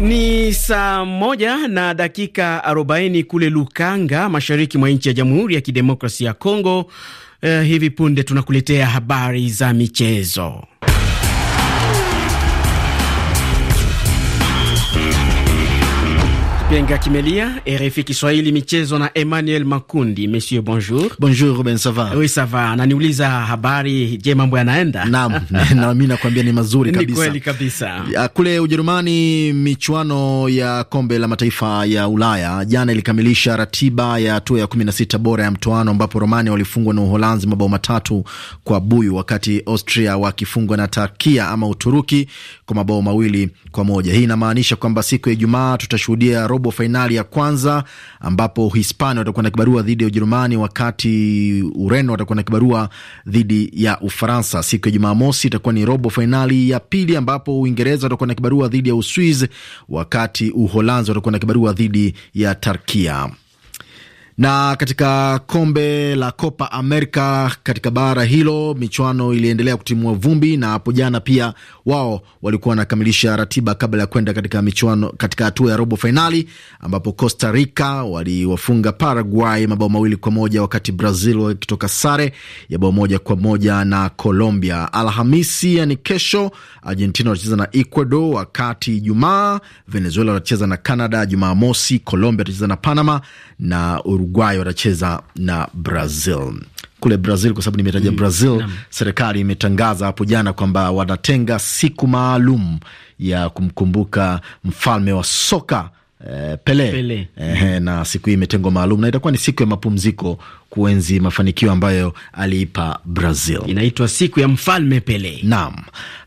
Ni saa moja na dakika arobaini kule Lukanga, mashariki mwa nchi ya Jamhuri ya Kidemokrasia ya Kongo. Uh, hivi punde tunakuletea habari za michezo. Penga Kimelia, RFI Kiswahili michezo na Emmanuel Makundi. Monsieur, bonjour. Bonjour, Ruben, sava. Oui, sava. Naniuliza habari, je, mambo yanaenda? Naam, na mimi nakwambia ni mazuri kabisa. Ni kweli kabisa. Ya, Kule Ujerumani michuano ya kombe la mataifa ya Ulaya jana ilikamilisha ratiba ya hatua ya 16 bora ya mtoano ambapo Romania walifungwa na Uholanzi mabao matatu kwa buyu wakati Austria wakifungwa na Turkia ama Uturuki kwa mabao mawili kwa moja. Hii inamaanisha kwamba siku ya Ijumaa tutashuhudia robo fainali ya kwanza ambapo Hispania watakuwa na kibarua dhidi ya Ujerumani, wakati Ureno watakuwa na kibarua dhidi ya Ufaransa. Siku ya Jumamosi itakuwa ni robo fainali ya pili ambapo Uingereza watakuwa na kibarua dhidi ya Uswiz, wakati Uholanzi watakuwa na kibarua dhidi ya Tarkia. Na katika kombe la Copa America katika bara hilo michuano iliendelea kutimua vumbi, na hapo jana pia wao walikuwa wanakamilisha ratiba kabla ya kwenda katika michuano, katika hatua ya robo fainali ambapo Costa Rica waliwafunga Paraguay mabao mawili kwa moja wakati Brazil wakitoka sare ya bao moja kwa moja na Colombia. Alhamisi yani kesho, Argentina watacheza na Ecuador, wakati Jumaa Venezuela watacheza na Canada, Jumaa mosi Colombia watacheza na Panama na Uruguay Uruguay watacheza na Brazil kule Brazil kwa sababu nimetaja mm, Brazil na, serikali imetangaza hapo jana kwamba wanatenga siku maalum ya kumkumbuka mfalme wa soka Pele, eh, Pele. Ehe, na siku hii imetengwa maalum na itakuwa ni siku ya mapumziko kuenzi mafanikio ambayo aliipa Brazil. Inaitwa siku ya mfalme Pele. Naam,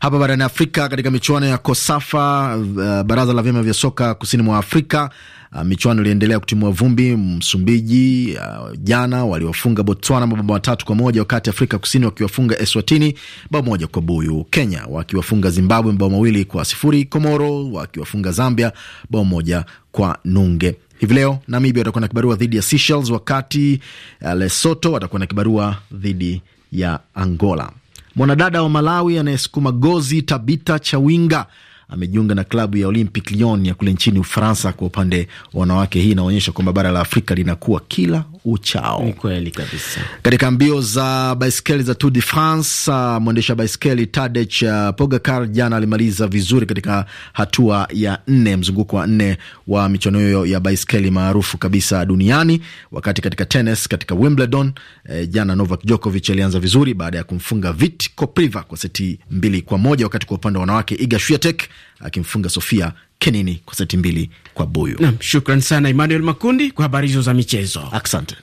hapa barani Afrika katika michuano ya Kosafa, uh, baraza la vyama vya soka kusini mwa Afrika uh, michuano iliendelea kutimua vumbi. Msumbiji uh, jana waliwafunga Botswana mabao matatu kwa moja, wakati Afrika Kusini wakiwafunga Eswatini bao moja kwa buyu, Kenya wakiwafunga Zimbabwe mabao mawili kwa sifuri, Komoro wakiwafunga Zambia bao moja kwa nunge Hivi leo Namibia watakuwa na kibarua dhidi ya Seychelles, wakati eh, Lesotho watakuwa na kibarua dhidi ya Angola. Mwanadada wa Malawi anayesukuma gozi Tabita Chawinga amejiunga na klabu ya Olympic Lyon ya kule nchini Ufaransa kwa upande wa wanawake. Hii inaonyesha kwamba bara la Afrika linakuwa kila uchao. Ni kweli kabisa. Katika mbio za baiskeli za Tour de France, uh, mwendesha baiskeli Tadej uh, Pogacar jana alimaliza vizuri katika hatua ya nne, mzunguko wa nne wa michuano hiyo ya baiskeli maarufu kabisa duniani. Wakati katika tennis, katika Wimbledon eh, jana Novak Djokovic alianza vizuri baada ya kumfunga Vit Kopriva kwa seti mbili kwa moja, wakati kwa upande wa wanawake Iga Swiatek akimfunga Sofia Kenini kwa seti mbili kwa buyu. Nam, shukran sana Emmanuel Makundi kwa habari hizo za michezo, asante.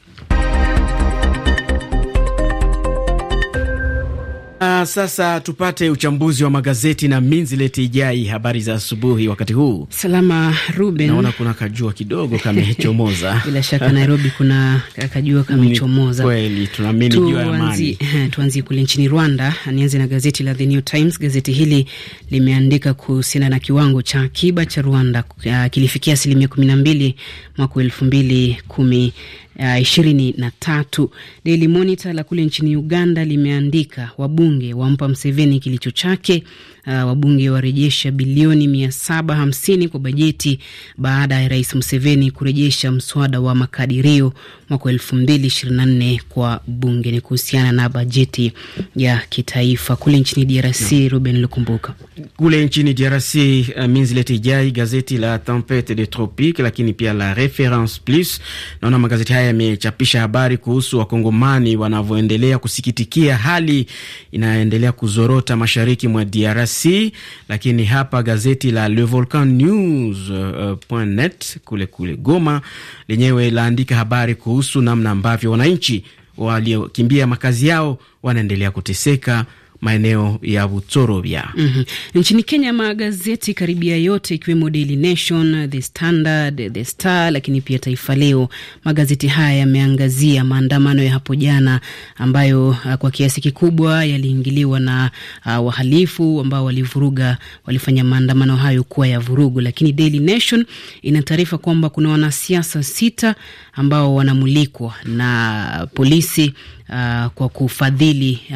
Uh, sasa tupate uchambuzi wa magazeti na Minzileti Ijai. Habari za asubuhi wakati huu. Salama Ruben. Naona kuna kajua kidogo kamechomoza. Bila shaka Nairobi kuna kajua kamechomoza. Kweli tunaamini jua ya amani. Eh, tuanzie kule nchini Rwanda, nianze na gazeti la The New Times. Gazeti hili limeandika kuhusiana na kiwango cha akiba cha Rwanda uh, kilifikia asilimia kumi na mbili mwaka elfu mbili kumi Eh, ishirini na tatu. Daily Monitor la kule nchini Uganda limeandika wabunge wampa Mseveni kilicho chake uh, wabunge warejesha bilioni mia saba hamsini kwa bajeti baada ya Rais Museveni kurejesha mswada wa makadirio mwaka elfu mbili na nne kwa bunge. Ni kuhusiana na bajeti ya kitaifa kule nchini DRC. Hmm, Ruben Lukumbuka kule nchini DRC. Uh, eh, minzileti jai gazeti la Tempete de Tropique, lakini pia la Reference Plus, naona magazeti haya yamechapisha habari kuhusu wakongomani wanavyoendelea kusikitikia hali inayoendelea kuzorota mashariki mwa DRC DRC, lakini hapa gazeti la Le Volcan News uh, uh net kule kule Goma lenyewe laandika habari kuhusu namna ambavyo wananchi waliokimbia makazi yao wanaendelea kuteseka maeneo ya Butorobia. mm -hmm. Nchini Kenya, magazeti karibia yote ikiwemo Daily Nation, The Standard, The Star, lakini pia Taifa Leo, magazeti haya yameangazia maandamano ya hapo jana ambayo uh, kwa kiasi kikubwa yaliingiliwa na uh, wahalifu ambao walivuruga, walifanya maandamano hayo kuwa ya vurugu. Lakini Daily Nation ina taarifa kwamba kuna wanasiasa sita ambao wanamulikwa na polisi uh, kwa kufadhili uh,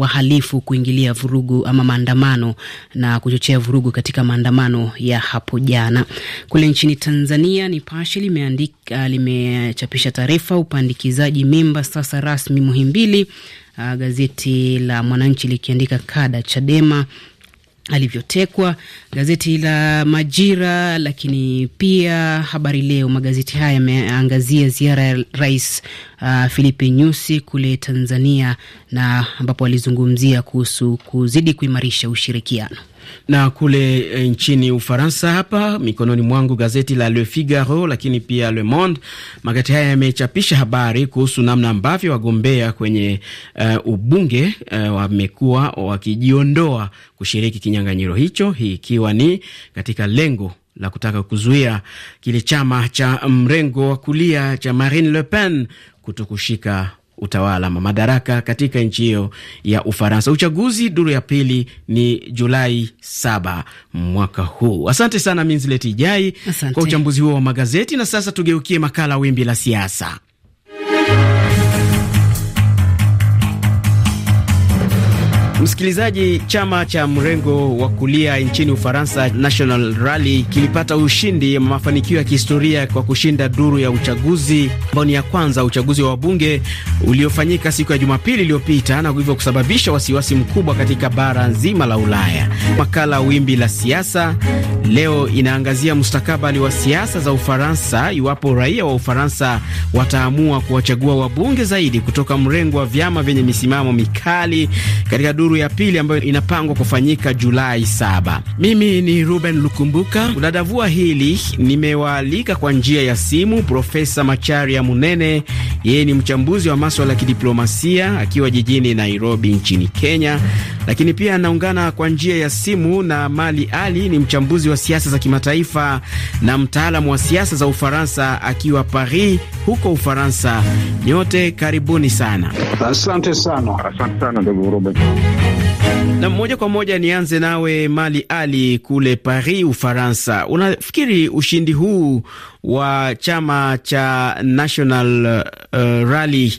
wahalifu kuingilia vurugu ama maandamano na kuchochea vurugu katika maandamano ya hapo jana. Kule nchini Tanzania, Nipashe limeandika uh, limechapisha taarifa upandikizaji mimba sasa rasmi Muhimbili. Uh, gazeti la Mwananchi likiandika kada Chadema alivyotekwa. Gazeti la Majira, lakini pia Habari Leo, magazeti haya yameangazia ziara ya Rais uh, Filipe Nyusi kule Tanzania, na ambapo alizungumzia kuhusu kuzidi kuimarisha ushirikiano. Na kule eh, nchini Ufaransa hapa mikononi mwangu gazeti la Le Figaro, lakini pia Le Monde. Magazeti haya yamechapisha habari kuhusu namna ambavyo wagombea kwenye uh, ubunge uh, wamekuwa wakijiondoa kushiriki kinyang'anyiro hicho, hii ikiwa ni katika lengo la kutaka kuzuia kile chama cha mrengo wa kulia cha Marine Le Pen kuto kushika utawala ama madaraka katika nchi hiyo ya Ufaransa. Uchaguzi duru ya pili ni Julai saba mwaka huu. Asante sana Minzileti Ijai kwa uchambuzi huo wa magazeti, na sasa tugeukie makala Wimbi la Siasa. Msikilizaji, chama cha mrengo wa kulia nchini Ufaransa, National Rally, kilipata ushindi, mafanikio ya kihistoria kwa kushinda duru ya uchaguzi ambao ni ya kwanza, uchaguzi wa wabunge uliofanyika siku ya Jumapili iliyopita, na hivyo kusababisha wasiwasi mkubwa katika bara nzima la Ulaya. Makala Wimbi la Siasa leo inaangazia mustakabali wa siasa za Ufaransa iwapo raia wa Ufaransa wataamua kuwachagua wabunge zaidi kutoka mrengo wa vyama vyenye misimamo mikali katika duru duru ya pili ambayo inapangwa kufanyika Julai saba. Mimi ni Ruben Lukumbuka, kudadavua hili nimewaalika kwa njia ya simu Profesa Macharia Munene, yeye ni mchambuzi wa maswala ya kidiplomasia akiwa jijini Nairobi nchini Kenya, lakini pia anaungana kwa njia ya simu na Mali Ali, ni mchambuzi wa siasa za kimataifa na mtaalamu wa siasa za Ufaransa akiwa Paris huko Ufaransa. Nyote karibuni sana. Asante sana, asante sana ndugu Robert. Na moja kwa moja nianze nawe Mali Ali kule Paris, Ufaransa. Unafikiri ushindi huu wa chama cha National uh, Rally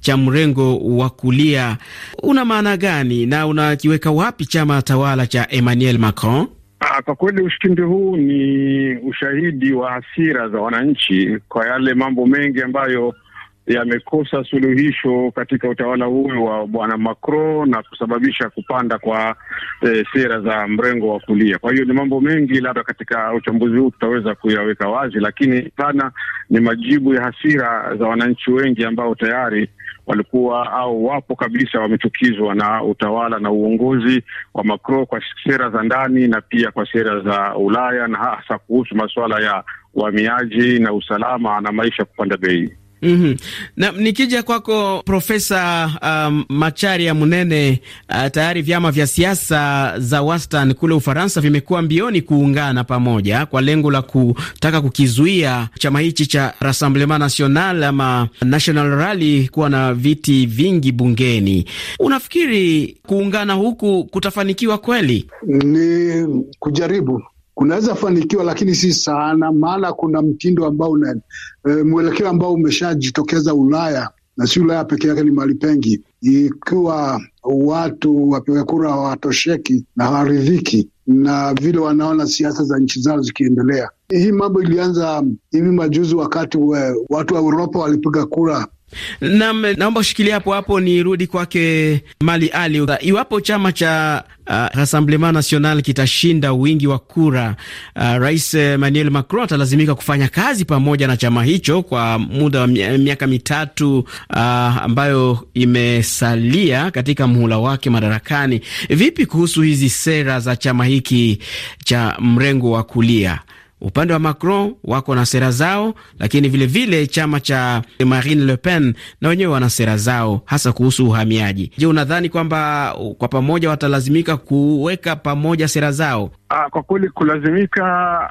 cha mrengo wa kulia una maana gani na unakiweka wapi chama tawala cha Emmanuel Macron? Ah, kwa kweli ushindi huu ni ushahidi wa hasira za wananchi kwa yale mambo mengi ambayo yamekosa suluhisho katika utawala huyo wa bwana Macron na kusababisha kupanda kwa e, sera za mrengo wa kulia. Kwa hiyo ni mambo mengi, labda katika uchambuzi huu tutaweza kuyaweka wazi, lakini sana ni majibu ya hasira za wananchi wengi ambao tayari walikuwa au wapo kabisa wamechukizwa na utawala na uongozi wa Macron kwa sera za ndani na pia kwa sera za Ulaya na hasa kuhusu masuala ya uhamiaji na usalama na maisha kupanda bei. Mm -hmm. Na nikija kwako Profesa um, Macharia Munene, uh, tayari vyama vya siasa za wastani kule Ufaransa vimekuwa mbioni kuungana pamoja kwa lengo la kutaka kukizuia chama hichi cha Rassemblement National ama National Rally kuwa na viti vingi bungeni. Unafikiri kuungana huku kutafanikiwa kweli? Ni kujaribu kunaweza fanikiwa, lakini si sana, maana kuna mtindo ambao e, mwelekeo ambao umeshajitokeza Ulaya na si Ulaya peke yake, ni mahali pengi. Ikiwa watu wapiga kura hawatosheki na hawaridhiki na vile wanaona siasa za nchi zao zikiendelea, hii mambo ilianza hivi majuzi wakati we, watu wa Uropa walipiga kura nam naomba kushikilia hapo hapo ni rudi kwake Mali Ali. Iwapo chama cha uh, Rassemblement National kitashinda wingi wa kura, uh, Rais Emmanuel Macron atalazimika kufanya kazi pamoja na chama hicho kwa muda wa miaka mitatu uh, ambayo imesalia katika muhula wake madarakani. Vipi kuhusu hizi sera za chama hiki cha mrengo wa kulia? Upande wa Macron wako na sera zao, lakini vilevile vile chama cha Marine Le Pen na wenyewe wana sera zao, hasa kuhusu uhamiaji. Je, unadhani kwamba kwa pamoja watalazimika kuweka pamoja sera zao? Ah, kwa kweli kulazimika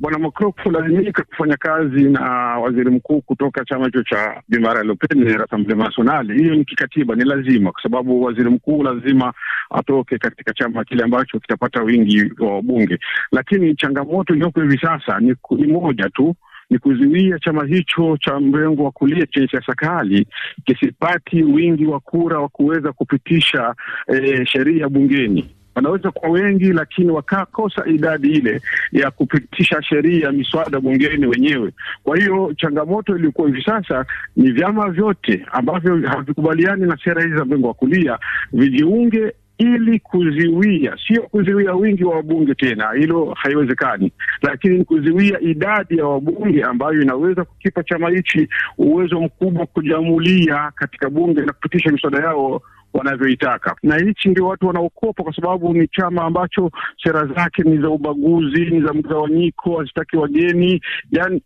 bwana Macron kulazimika kufanya kazi na waziri mkuu kutoka chama hicho cha Bimara Le Rassemblement National. Hiyo ni kikatiba, ni lazima, kwa sababu waziri mkuu lazima atoke katika chama kile ambacho kitapata wingi wa wabunge Lakini changamoto iliyoko hivi sasa ni, ni moja tu ni kuzuia chama hicho cha mrengo wa kulia chenye siasa kali kisipati wingi wa kura wa kuweza kupitisha eh, sheria bungeni wanaweza kuwa wengi, lakini wakakosa idadi ile ya kupitisha sheria ya miswada bungeni wenyewe. Kwa hiyo changamoto iliyokuwa hivi sasa ni vyama vyote ambavyo havikubaliani na sera hizi za mrengo wa kulia vijiunge ili kuziwia, sio kuziwia wingi wa wabunge tena, hilo haiwezekani, lakini ni kuziwia idadi ya wabunge ambayo inaweza kukipa chama hichi uwezo mkubwa kujamulia katika bunge na kupitisha miswada yao wanavyoitaka, na hichi ndio watu wanaokopa, kwa sababu ni chama ambacho sera zake ni za ubaguzi, ni za mgawanyiko, hazitaki wageni, yani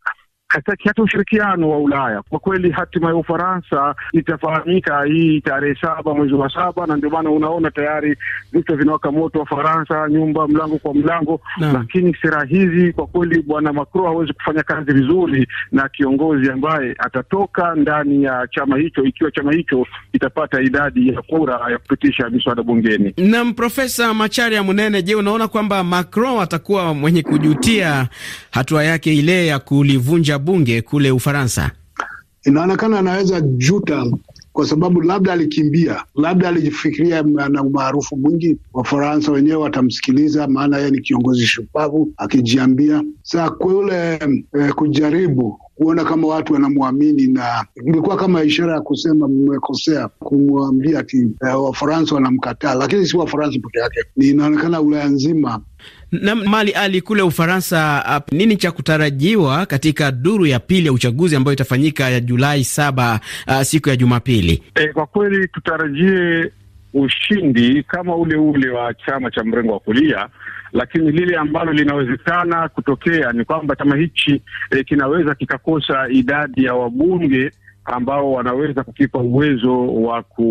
hata ushirikiano wa Ulaya kwa kweli, hatima ya Ufaransa itafahamika hii tarehe saba mwezi wa saba, na ndio maana unaona tayari vichwa vinawaka moto wa Faransa, nyumba mlango kwa mlango na. Lakini sera hizi kwa kweli, bwana Macron hawezi kufanya kazi vizuri na kiongozi ambaye atatoka ndani ya chama hicho, ikiwa chama hicho itapata idadi ya kura ya kupitisha miswada bungeni. Naam, Profesa Macharia Munene, je, unaona kwamba Macron atakuwa mwenye kujutia hatua yake ile ya kulivunja bunge kule Ufaransa? Inaonekana anaweza juta kwa sababu labda alikimbia, labda alijifikiria ana umaarufu mwingi, Wafaransa wenyewe watamsikiliza, maana yeye ni kiongozi shupavu, akijiambia saa kule e, kujaribu kuona kama watu wanamwamini, na ilikuwa kama ishara ya kusema mmekosea kumwambia ati e, Wafaransa wanamkataa, lakini si Wafaransa peke yake, ni inaonekana Ulaya nzima na Mali Ali kule Ufaransa, ap, nini cha kutarajiwa katika duru ya pili ya uchaguzi ambayo itafanyika ya Julai saba, a, siku ya Jumapili? E, kwa kweli tutarajie ushindi kama ule ule wa chama cha mrengo wa kulia, lakini lile ambalo linawezekana kutokea ni kwamba chama hichi e, kinaweza kikakosa idadi ya wabunge ambao wanaweza kukipa uwezo wa ku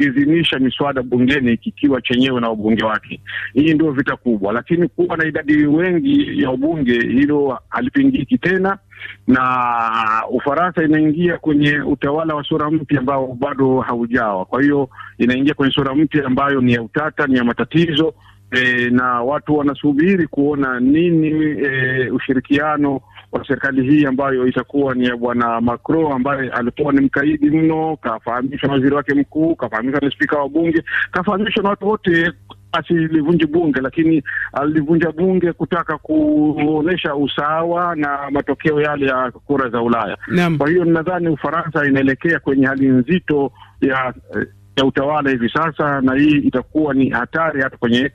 kuidhinisha miswada bungeni kikiwa chenyewe na wabunge wake. Hii ndio vita kubwa, lakini kuwa na idadi wengi ya wabunge hilo halipingiki tena, na Ufaransa inaingia kwenye utawala wa sura mpya ambao bado haujawa. Kwa hiyo inaingia kwenye sura mpya ambayo ni ya utata, ni ya matatizo e, na watu wanasubiri kuona nini e, ushirikiano wa serikali hii ambayo itakuwa ni ya bwana Macron ambaye alikuwa ni mkaidi mno, kafahamishwa na waziri wake mkuu, kafahamishwa na spika wa bunge, kafahamishwa na watu wote asilivunji bunge lakini alivunja bunge kutaka kuonyesha usawa na matokeo yale ya kura za Ulaya. Kwa hiyo nadhani Ufaransa inaelekea kwenye hali nzito ya ya utawala hivi sasa, na hii itakuwa ni hatari hata kwenye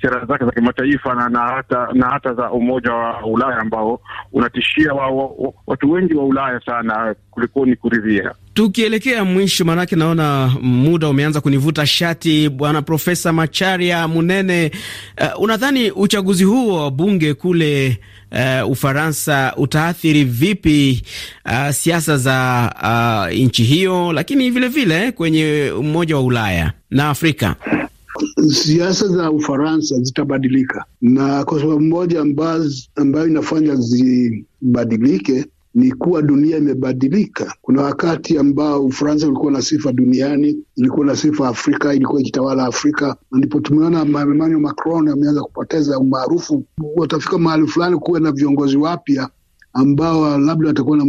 sera zake za kimataifa na, na, hata, na hata za Umoja wa Ulaya ambao unatishia wa, wa, wa, watu wengi wa Ulaya sana kulikoni kuridhia. Tukielekea mwisho, maanake naona muda umeanza kunivuta shati, Bwana Profesa Macharia Munene, uh, unadhani uchaguzi huo wa bunge kule uh, Ufaransa utaathiri vipi uh, siasa za uh, nchi hiyo, lakini vilevile vile kwenye Umoja wa Ulaya na Afrika? siasa za Ufaransa zitabadilika, na kwa sababu moja ambayo inafanya zibadilike ni kuwa dunia imebadilika. Kuna wakati ambao Ufaransa ulikuwa na sifa duniani, ilikuwa na sifa Afrika, ilikuwa ikitawala Afrika, na ndipo tumeona Emmanuel Macron ameanza kupoteza umaarufu. Watafika mahali fulani kuwe na viongozi wapya ambao labda watakuwa na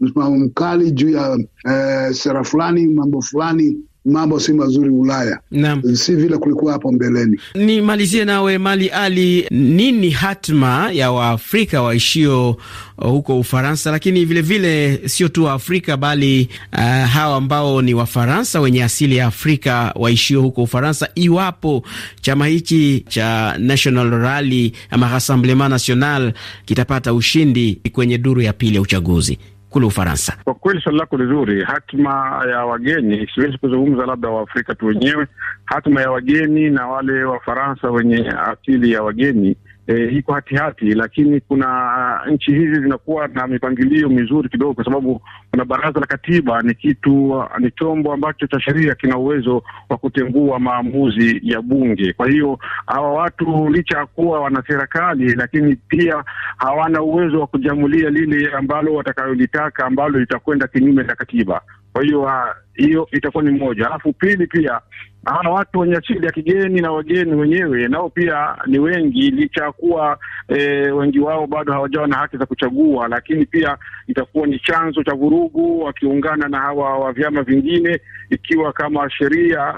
msimamo mkali juu ya eh, sera fulani, mambo fulani mambo si mazuri Ulaya Naam. si vile kulikuwa hapo mbeleni. Nimalizie nawe Mali Ali, nini hatma ya Waafrika waishio uh, huko Ufaransa, lakini vilevile sio tu Waafrika bali uh, hawa ambao ni Wafaransa wenye asili ya Afrika waishio huko Ufaransa, iwapo chama hichi cha National Rally ama Rassemblement National kitapata ushindi kwenye duru ya pili ya uchaguzi? kule Ufaransa. Kwa kweli swali lako ni zuri. Hatima ya wageni, siwezi kuzungumza labda Waafrika tu wenyewe, hatima ya wageni na wale Wafaransa wenye asili ya wageni e, iko hatihati, lakini kuna ah, nchi hizi zinakuwa na mipangilio mizuri kidogo, kwa sababu kuna baraza la katiba. Ni kitu ah, ni chombo ambacho cha sheria kina uwezo wa kutengua maamuzi ya bunge. Kwa hiyo hawa watu licha ya kuwa wana serikali, lakini pia hawana uwezo wa kujamulia lile ambalo watakayolitaka ambalo litakwenda kinyume na katiba. Kwa hiyo ah, hiyo itakuwa ni moja, alafu pili pia hawa watu wenye asili ya kigeni na wageni wenyewe nao pia ni wengi, licha ya kuwa e, wengi wao bado hawajawa na haki za kuchagua, lakini pia itakuwa ni chanzo cha vurugu wakiungana na hawa wa vyama vingine, ikiwa kama sheria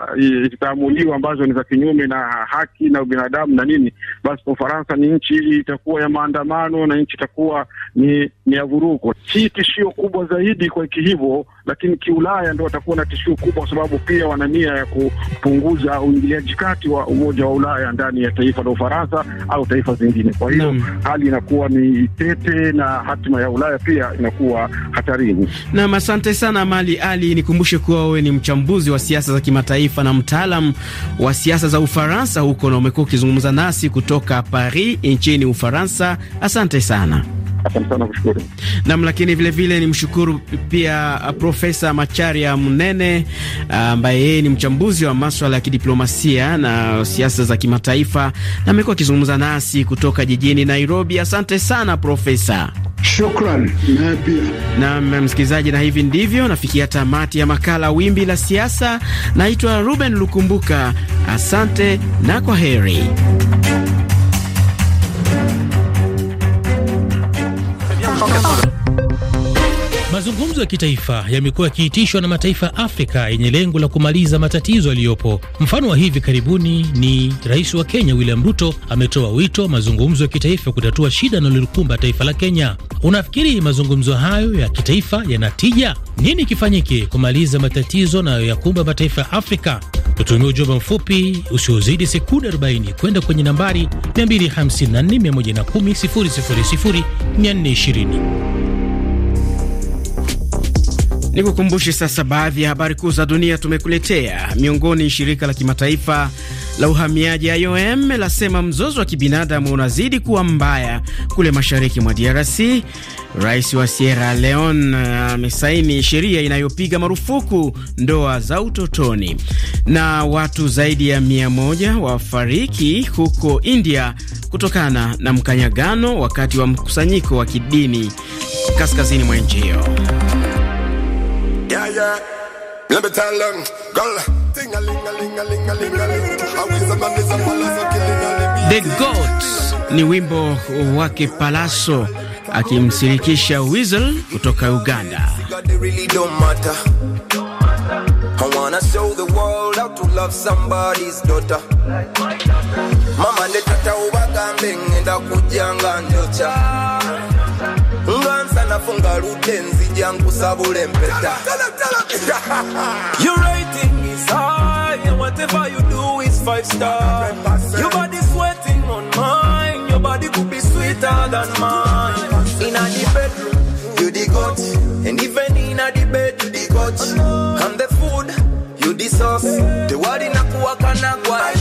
zitaamuliwa e, ambazo ni za kinyume na haki na ubinadamu na nini, basi kwa Ufaransa ni nchi itakuwa ya maandamano na nchi itakuwa ni, ni ya vurugu. Si tishio kubwa zaidi kwa iki hivyo, lakini kiulaya ndo watakuwa na tishio kubwa, kwa sababu pia wana nia ya ku kupunguza uingiliaji kati wa Umoja wa Ulaya ndani ya taifa la Ufaransa au taifa zingine. Kwa hiyo hali inakuwa ni tete na hatima ya Ulaya pia inakuwa hatarini. Nam, asante sana Mali Ali. Nikumbushe kuwa wewe ni mchambuzi wa siasa za kimataifa na mtaalam wa siasa za Ufaransa huko, na umekuwa ukizungumza nasi kutoka Paris nchini Ufaransa. Asante sana. Asante sana kushukuru nam. Lakini vilevile ni mshukuru pia uh, Profesa Macharia Mnene uh, ambaye yeye ni mchambuzi wa maswala ya kidiplomasia na siasa za kimataifa na amekuwa akizungumza nasi kutoka jijini Nairobi. Asante sana Profesa. Shukran na msikilizaji, na hivi ndivyo nafikia tamati ya makala Wimbi la Siasa. Naitwa Ruben Lukumbuka, asante na kwa heri. Mazungumzo ya kitaifa yamekuwa yakiitishwa na mataifa ya Afrika yenye lengo la kumaliza matatizo yaliyopo. Mfano wa hivi karibuni ni rais wa Kenya William Ruto ametoa wito wa mazungumzo ya kitaifa kutatua shida linalokumba taifa la Kenya. Unafikiri mazungumzo hayo ya kitaifa yana tija? Nini kifanyike kumaliza matatizo nayoyakumba mataifa ya Afrika? Tutumia ujumbe mfupi usiozidi sekunde 40 kwenda kwenye nambari 254 110 000 420 ni kukumbushe sasa baadhi ya habari kuu za dunia tumekuletea. Miongoni, shirika la kimataifa la uhamiaji IOM lasema mzozo wa kibinadamu unazidi kuwa mbaya kule mashariki mwa DRC. Rais wa Sierra Leone uh, amesaini uh, sheria inayopiga marufuku ndoa za utotoni, na watu zaidi ya mia moja wafariki huko India kutokana na mkanyagano wakati wa mkusanyiko wa kidini kaskazini mwa nchi hiyo. Yeah, yeah. Let me tell them, girl. a ling a ling a ling a ling a ling. The Goats ni wimbo wake Palaso akimsirikisha Weasel kutoka Uganda. the Mama ndetata ubagambe ngenda kujanga njocha nga ludde Your rating is high and whatever you do is five star Your body sweating on mine, your body could be sweeter than mine In the bedroom, you the goat And even in the bed, you the goat I'm the food, you the sauce The word inakuwa kanagwa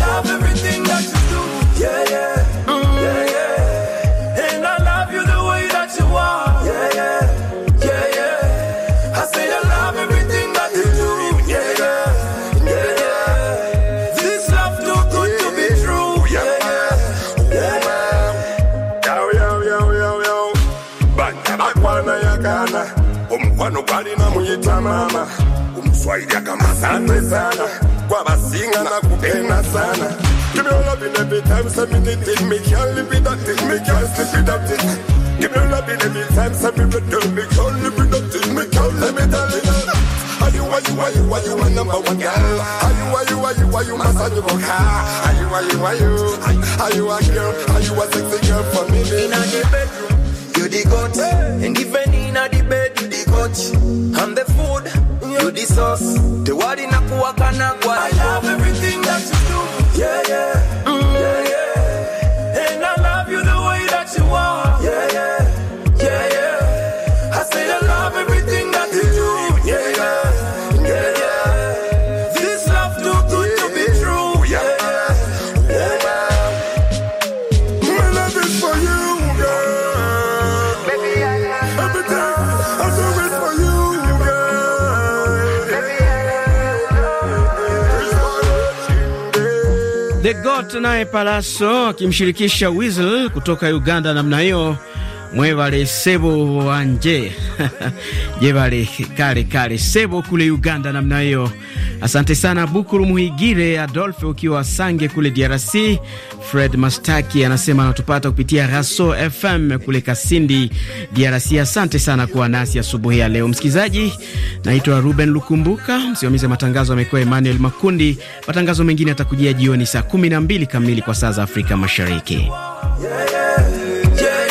mama umswahili akamasandwe sana kwabasinga nakupenda sana Give me all your loving every time, send me the thing, me can't live without it, me can't sleep without it. Give me all your loving every time, send me the thing, me can't live without it, me can't live without it. Are you, are you, are you, are you my number one girl? Are you, are you, are you, are you my son, you Are you, are you, are you, are you a girl? Are you a sexy girl for me? In the bedroom, you the go sauce. Tewali na kuwaka na kwa The Got naye Palaso akimshirikisha Weasel kutoka Uganda namna hiyo mwevale sebo wanje jevale kale kale sebo kule Uganda namna hiyo. Asante sana Bukuru Muhigire Adolfe ukiwa Sange kule DRC. Fred Mastaki anasema anatupata kupitia Raso FM kule Kasindi DRC. Asante sana kuwa nasi asubuhi ya leo msikilizaji. Naitwa Ruben Lukumbuka, msimamizi wa matangazo amekuwa Emmanuel Makundi. Matangazo mengine atakujia jioni saa 12 kamili kwa saa za Afrika Mashariki.